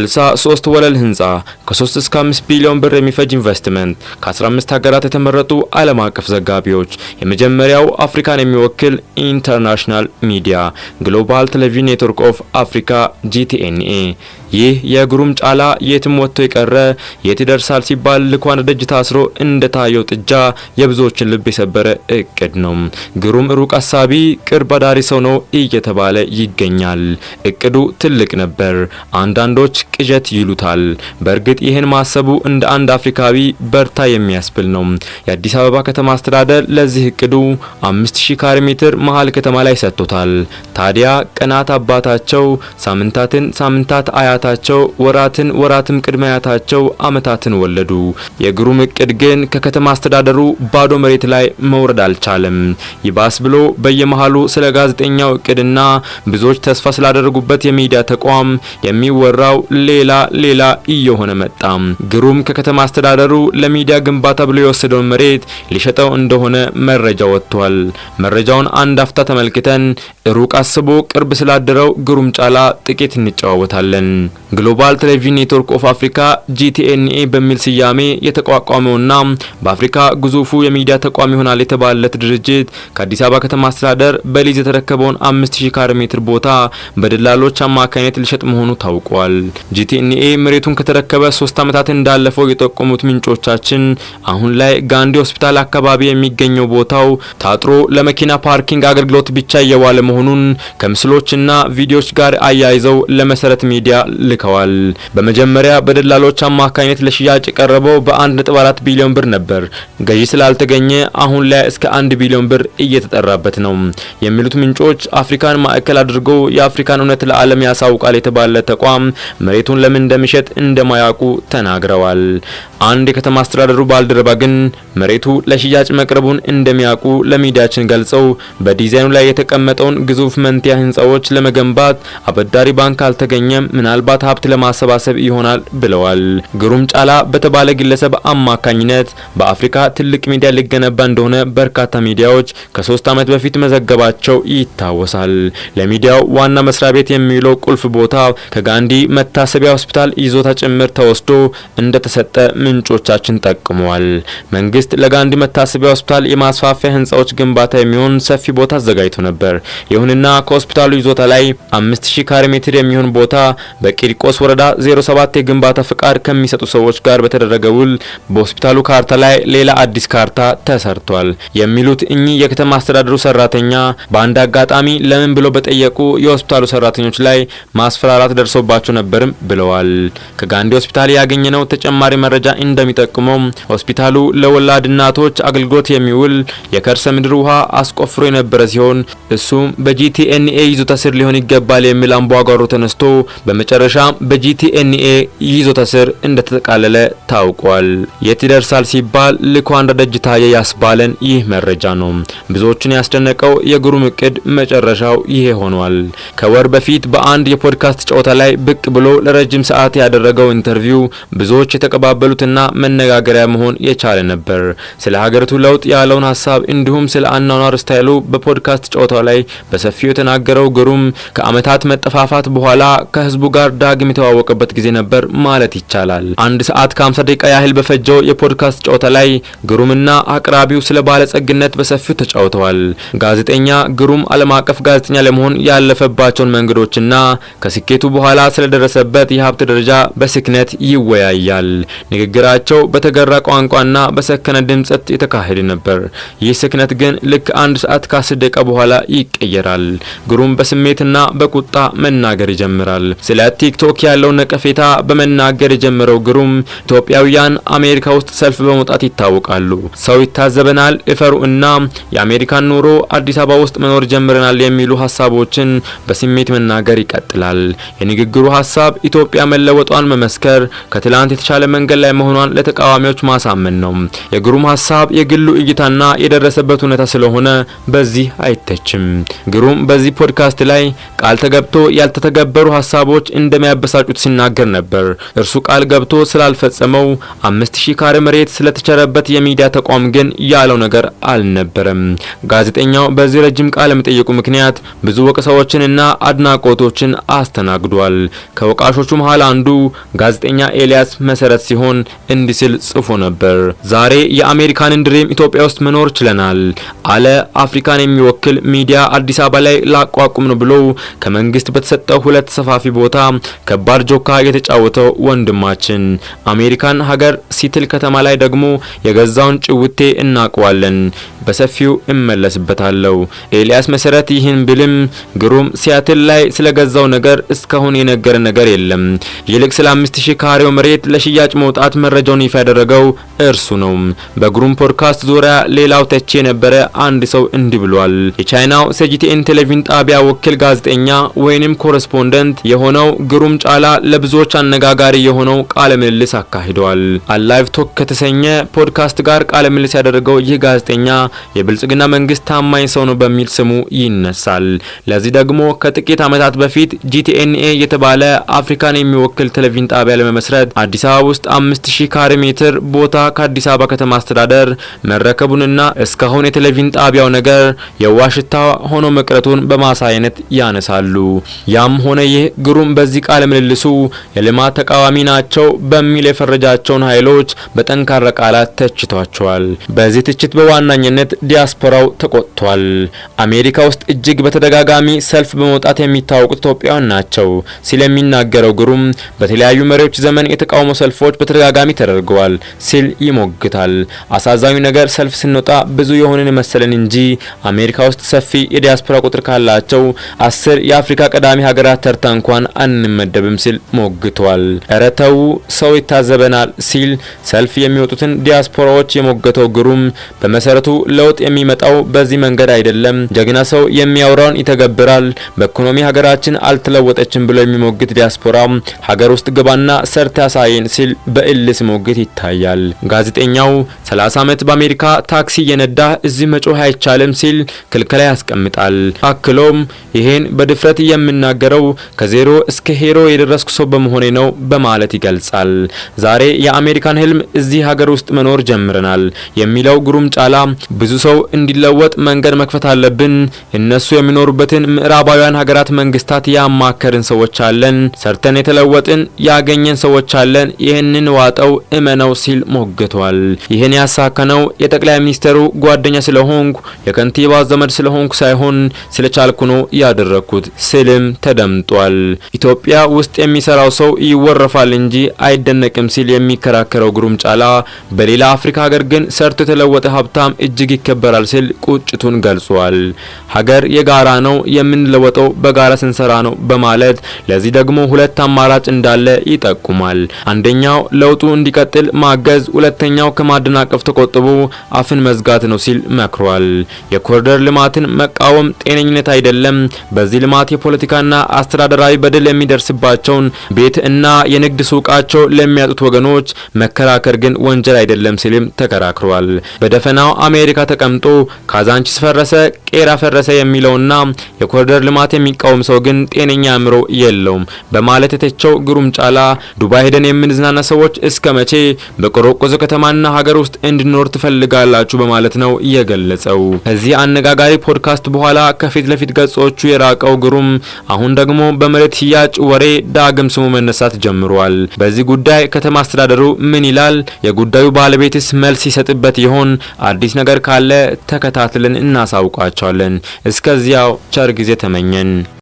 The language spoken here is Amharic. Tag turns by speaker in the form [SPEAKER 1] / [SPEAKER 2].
[SPEAKER 1] 63 ወለል ህንፃ ከ3 እስከ 5 ቢሊዮን ብር የሚፈጅ ኢንቨስትመንት ከ15 ሀገራት የተመረጡ ዓለም አቀፍ ዘጋቢዎች የመጀመሪያው አፍሪካን የሚወክል ኢንተርናሽናል ሚዲያ ግሎባል ቴሌቪዥን ኔትወርክ ኦፍ አፍሪካ ጂቲኤንኤ ይህ የግሩም ጫላ የትም ወጥቶ የቀረ የት ይደርሳል ሲባል ልኳን ደጅ ታስሮ እንደ ታየው ጥጃ የብዙዎችን ልብ የሰበረ እቅድ ነው። ግሩም ሩቅ አሳቢ፣ ቅርብ አዳሪ ሰው ነው እየተባለ ይገኛል። እቅዱ ትልቅ ነበር፣ አንዳንዶች ቅዠት ይሉታል። በእርግጥ ይህን ማሰቡ እንደ አንድ አፍሪካዊ በርታ የሚያስብል ነው። የአዲስ አበባ ከተማ አስተዳደር ለዚህ እቅዱ 5000 ካሬ ሜትር መሀል ከተማ ላይ ሰጥቶታል። ታዲያ ቀናት አባታቸው ሳምንታትን ሳምንታት አያት አባታቸው ወራትን ወራትም ቅድመ አመታትን ወለዱ። የግሩም እቅድ ግን ከከተማ አስተዳደሩ ባዶ መሬት ላይ መውረድ አልቻለም። ይባስ ብሎ በየመሃሉ ስለ ጋዜጠኛው እቅድና ብዙዎች ተስፋ ስላደረጉበት የሚዲያ ተቋም የሚወራው ሌላ ሌላ እየሆነ መጣ። ግሩም ከከተማ አስተዳደሩ ለሚዲያ ግንባታ ብሎ የወሰደውን መሬት ሊሸጠው እንደሆነ መረጃ ወጥቷል። መረጃውን አንድ አፍታ ተመልክተን ሩቅ አስቦ ቅርብ ስላደረው ግሩም ጫላ ጥቂት እንጨዋወታለን። ግሎባል ቴሌቪዥን ኔትወርክ ኦፍ አፍሪካ ጂቲኤንኤ በሚል ስያሜ የተቋቋመውና በአፍሪካ ግዙፉ የሚዲያ ተቋም ይሆናል የተባለለት ድርጅት ከአዲስ አበባ ከተማ አስተዳደር በሊዝ የተረከበውን 5000 ካሬ ሜትር ቦታ በደላሎች አማካኝነት ሊሸጥ መሆኑ ታውቋል። ጂቲኤንኤ መሬቱን ከተረከበ ሶስት ዓመታት እንዳለፈው የጠቆሙት ምንጮቻችን አሁን ላይ ጋንዲ ሆስፒታል አካባቢ የሚገኘው ቦታው ታጥሮ ለመኪና ፓርኪንግ አገልግሎት ብቻ እየዋለ መሆኑን ከምስሎችና ቪዲዮዎች ጋር አያይዘው ለመሰረት ሚዲያ ልከዋል። በመጀመሪያ በደላሎች አማካኝነት ለሽያጭ የቀረበው በ1.4 ቢሊዮን ብር ነበር። ገዢ ስላልተገኘ አሁን ላይ እስከ 1 ቢሊዮን ብር እየተጠራበት ነው የሚሉት ምንጮች አፍሪካን ማዕከል አድርጎ የአፍሪካን እውነት ለዓለም ያሳውቃል የተባለ ተቋም መሬቱን ለምን እንደሚሸጥ እንደማያውቁ ተናግረዋል። አንድ የከተማ አስተዳደሩ ባልደረባ ግን መሬቱ ለሽያጭ መቅረቡን እንደሚያውቁ ለሚዲያችን ገልጸው በዲዛይኑ ላይ የተቀመጠውን ግዙፍ መንትያ ህንፃዎች ለመገንባት አበዳሪ ባንክ አልተገኘም ምናልባት ምናልባት ሀብት ለማሰባሰብ ይሆናል ብለዋል። ግሩም ጫላ በተባለ ግለሰብ አማካኝነት በአፍሪካ ትልቅ ሚዲያ ሊገነባ እንደሆነ በርካታ ሚዲያዎች ከሶስት ዓመት በፊት መዘገባቸው ይታወሳል። ለሚዲያው ዋና መስሪያ ቤት የሚውለው ቁልፍ ቦታ ከጋንዲ መታሰቢያ ሆስፒታል ይዞታ ጭምር ተወስዶ እንደተሰጠ ምንጮቻችን ጠቅመዋል። መንግስት ለጋንዲ መታሰቢያ ሆስፒታል የማስፋፊያ ህንፃዎች ግንባታ የሚሆን ሰፊ ቦታ አዘጋጅቶ ነበር። ይሁንና ከሆስፒታሉ ይዞታ ላይ 5000 ካሬ ሜትር የሚሆን ቦታ በ በቂርቆስ ወረዳ 07 የግንባታ ፍቃድ ከሚሰጡ ሰዎች ጋር በተደረገ ውል በሆስፒታሉ ካርታ ላይ ሌላ አዲስ ካርታ ተሰርቷል የሚሉት እኚህ የከተማ አስተዳደሩ ሰራተኛ በአንድ አጋጣሚ ለምን ብለው በጠየቁ የሆስፒታሉ ሰራተኞች ላይ ማስፈራራት ደርሶባቸው ነበርም ብለዋል። ከጋንዴ ሆስፒታል ያገኘነው ተጨማሪ መረጃ እንደሚጠቁመው ሆስፒታሉ ለወላድ እናቶች አገልግሎት የሚውል የከርሰ ምድር ውሃ አስቆፍሮ የነበረ ሲሆን እሱም በጂቲኤንኤ ይዞታ ስር ሊሆን ይገባል የሚል አምቧጓሮ ተነስቶ በመጨረ በመጨረሻ በጂቲኤንኤ ይዞታ ስር እንደተጠቃለለ ታውቋል። የት ይደርሳል ሲባል ልኳንዳ ደጅ ታየ ያስባለን ይህ መረጃ ነው። ብዙዎችን ያስደነቀው የግሩም እቅድ መጨረሻው ይሄ ሆኗል። ከወር በፊት በአንድ የፖድካስት ጨዋታ ላይ ብቅ ብሎ ለረጅም ሰዓት ያደረገው ኢንተርቪው ብዙዎች የተቀባበሉትና መነጋገሪያ መሆን የቻለ ነበር። ስለ ሀገሪቱ ለውጥ ያለውን ሀሳብ እንዲሁም ስለ አኗኗር ስታይሉ በፖድካስት ጨዋታው ላይ በሰፊው የተናገረው ግሩም ከዓመታት መጠፋፋት በኋላ ከህዝቡ ጋር ዳግም የተዋወቀበት ጊዜ ነበር ማለት ይቻላል። አንድ ሰዓት ከ50 ደቂቃ ያህል በፈጀው የፖድካስት ጨዋታ ላይ ግሩምና አቅራቢው ስለ ባለጸግነት በሰፊው ተጫውተዋል። ጋዜጠኛ ግሩም ዓለም አቀፍ ጋዜጠኛ ለመሆን ያለፈባቸውን መንገዶችና ከስኬቱ በኋላ ስለደረሰበት የሀብት ደረጃ በስክነት ይወያያል። ንግግራቸው በተገራ ቋንቋና በሰከነ ድምጸት የተካሄደ ነበር። ይህ ስክነት ግን ልክ አንድ ሰዓት ከ10 ደቂቃ በኋላ ይቀየራል። ግሩም በስሜትና በቁጣ መናገር ይጀምራል። ስለ ቲክቶክ ያለውን ነቀፌታ በመናገር የጀመረው ግሩም ኢትዮጵያውያን አሜሪካ ውስጥ ሰልፍ በመውጣት ይታወቃሉ። ሰው ይታዘበናል፣ እፈሩ እና የአሜሪካን ኑሮ አዲስ አበባ ውስጥ መኖር ጀምረናል የሚሉ ሀሳቦችን በስሜት መናገር ይቀጥላል። የንግግሩ ሀሳብ ኢትዮጵያ መለወጧን መመስከር፣ ከትላንት የተሻለ መንገድ ላይ መሆኗን ለተቃዋሚዎች ማሳመን ነው። የግሩም ሀሳብ የግሉ እይታና የደረሰበት ሁኔታ ስለሆነ በዚህ አይተችም። ግሩም በዚህ ፖድካስት ላይ ቃል ተገብቶ ያልተተገበሩ ሀሳቦች እንደ እንደሚያበሳጩት ሲናገር ነበር። እርሱ ቃል ገብቶ ስላልፈጸመው አምስት ሺህ ካሬ መሬት ስለተቸረበት የሚዲያ ተቋም ግን ያለው ነገር አልነበረም። ጋዜጠኛው በዚህ ረጅም ቃለ መጠየቁ ምክንያት ብዙ ወቀሳዎችንና አድናቆቶችን አስተናግዷል። ከወቃሾቹ መሃል አንዱ ጋዜጠኛ ኤልያስ መሰረት ሲሆን እንዲህ ሲል ጽፎ ነበር። ዛሬ የአሜሪካንን ድሪም ኢትዮጵያ ውስጥ መኖር ችለናል አለ። አፍሪካን የሚወክል ሚዲያ አዲስ አበባ ላይ ላቋቁም ነው ብሎ ከመንግስት በተሰጠው ሁለት ሰፋፊ ቦታ ከባድ ጆካ የተጫወተው ወንድማችን አሜሪካን ሀገር ሲትል ከተማ ላይ ደግሞ የገዛውን ጭውቴ እናውቀዋለን። በሰፊው እመለስበታለሁ። ኤልያስ መሰረት ይህን ብልም ግሩም ሲያትል ላይ ስለገዛው ነገር እስካሁን የነገረ ነገር የለም። ይልቅ ስለ 5000 ካሬው መሬት ለሽያጭ መውጣት መረጃውን ይፋ ያደረገው እርሱ ነው። በግሩም ፖድካስት ዙሪያ ሌላው ተቼ የነበረ አንድ ሰው እንዲህ ብሏል። የቻይናው ሲጂቲኤን ቴሌቪዥን ጣቢያ ወኪል ጋዜጠኛ ወይንም ኮረስፖንደንት የሆነው ግሩም ጫላ ለብዙዎች አነጋጋሪ የሆነው ቃለ ምልልስ አካሂደዋል። አላይቭ ቶክ ከተሰኘ ፖድካስት ጋር ቃለ ምልልስ ያደረገው ይህ ጋዜጠኛ የብልጽግና መንግስት ታማኝ ሰው ነው በሚል ስሙ ይነሳል። ለዚህ ደግሞ ከጥቂት ዓመታት በፊት ጂቲኤንኤ የተባለ አፍሪካን የሚወክል ቴሌቪዥን ጣቢያ ለመመስረት አዲስ አበባ ውስጥ 5000 ካሬ ሜትር ቦታ ከአዲስ አበባ ከተማ አስተዳደር መረከቡንና እስካሁን የቴሌቪዥን ጣቢያው ነገር የዋሽታ ሆኖ መቅረቱን በማሳየነት ያነሳሉ። ያም ሆነ ይህ ግሩም በዚህ በዚህ ቃለ ምልልሱ የልማት ተቃዋሚ ናቸው በሚል የፈረጃቸውን ኃይሎች በጠንካራ ቃላት ተችቷቸዋል። በዚህ ትችት በዋናኝነት ዲያስፖራው ተቆጥቷል። አሜሪካ ውስጥ እጅግ በተደጋጋሚ ሰልፍ በመውጣት የሚታወቁት ኢትዮጵያውያን ናቸው ሲል የሚናገረው ግሩም በተለያዩ መሪዎች ዘመን የተቃውሞ ሰልፎች በተደጋጋሚ ተደርገዋል ሲል ይሞግታል። አሳዛኙ ነገር ሰልፍ ስንወጣ ብዙ የሆንን መሰለን እንጂ አሜሪካ ውስጥ ሰፊ የዲያስፖራ ቁጥር ካላቸው አስር የአፍሪካ ቀዳሚ ሀገራት ተርታ እንኳን አን አንመደብም ሲል ሞግቷል። እረተው ሰው ይታዘበናል ሲል ሰልፍ የሚወጡትን ዲያስፖራዎች የሞገተው ግሩም በመሰረቱ ለውጥ የሚመጣው በዚህ መንገድ አይደለም፣ ጀግና ሰው የሚያወራውን ይተገብራል፣ በኢኮኖሚ ሀገራችን አልተለወጠችም ብሎ የሚሞግት ዲያስፖራ ሀገር ውስጥ ግባና ሰርተ ያሳየን ሲል በእልስ ሞግት ይታያል። ጋዜጠኛው 30 ዓመት በአሜሪካ ታክሲ እየነዳ እዚህ መጮህ አይቻልም ሲል ክልከላ ያስቀምጣል። አክሎም ይሄን በድፍረት የምናገረው ከዜሮ እስከ ሄሮ የደረስኩ ሰው በመሆኔ ነው በማለት ይገልጻል። ዛሬ የአሜሪካን ህልም እዚህ ሀገር ውስጥ መኖር ጀምረናል የሚለው ግሩም ጫላ ብዙ ሰው እንዲለወጥ መንገድ መክፈት አለብን። እነሱ የሚኖሩበትን ምዕራባውያን ሀገራት መንግስታት ያማከርን ሰዎች አለን፣ ሰርተን የተለወጥን ያገኘን ሰዎች አለን። ይህንን ዋጠው እመነው ሲል ሞግቷል። ይህን ያሳከነው የጠቅላይ ሚኒስትሩ ጓደኛ ስለሆንኩ የከንቲባ ዘመድ ስለሆንኩ ሳይሆን ስለቻልኩ ነው ያደረኩት ስልም ተደምጧል። ኢትዮጵያ ውስጥ የሚሰራው ሰው ይወረፋል እንጂ አይደነቅም ሲል የሚከራከረው ግሩም ጫላ በሌላ አፍሪካ ሀገር ግን ሰርቶ የተለወጠ ሀብታም እጅግ ይከበራል ሲል ቁጭቱን ገልጿል። ሀገር የጋራ ነው፣ የምንለወጠው በጋራ ስንሰራ ነው በማለት ለዚህ ደግሞ ሁለት አማራጭ እንዳለ ይጠቁማል። አንደኛው ለውጡ እንዲቀጥል ማገዝ፣ ሁለተኛው ከማደናቀፍ ተቆጥቦ አፍን መዝጋት ነው ሲል መክሯል። የኮሪደር ልማትን መቃወም ጤነኝነት አይደለም። በዚህ ልማት የፖለቲካና አስተዳደራዊ በደል የሚደ የሚደርስባቸውን ቤት እና የንግድ ሱቃቸው ለሚያጡት ወገኖች መከራከር ግን ወንጀል አይደለም ሲልም ተከራክሯል። በደፈናው አሜሪካ ተቀምጦ ካዛንቺስ ፈረሰ፣ ቄራ ፈረሰ የሚለውና የኮሪደር ልማት የሚቃወም ሰው ግን ጤነኛ አእምሮ የለውም በማለት የተቸው ግሩም ጫላ ዱባይ ሄደን የምንዝናና ሰዎች እስከ መቼ በቆሮቆዘ ከተማና ሀገር ውስጥ እንድኖር ትፈልጋላችሁ? በማለት ነው የገለጸው። ከዚህ አነጋጋሪ ፖድካስት በኋላ ከፊት ለፊት ገጾቹ የራቀው ግሩም አሁን ደግሞ በመሬት ሽያጭ ወሬ ዳግም ስሙ መነሳት ጀምሯል። በዚህ ጉዳይ ከተማ አስተዳደሩ ምን ይላል? የጉዳዩ ባለቤትስ መልስ ይሰጥበት ይሆን? አዲስ ነገር ካለ ተከታትለን እናሳውቃቸዋለን። እስከዚያው ቸር ጊዜ ተመኘን።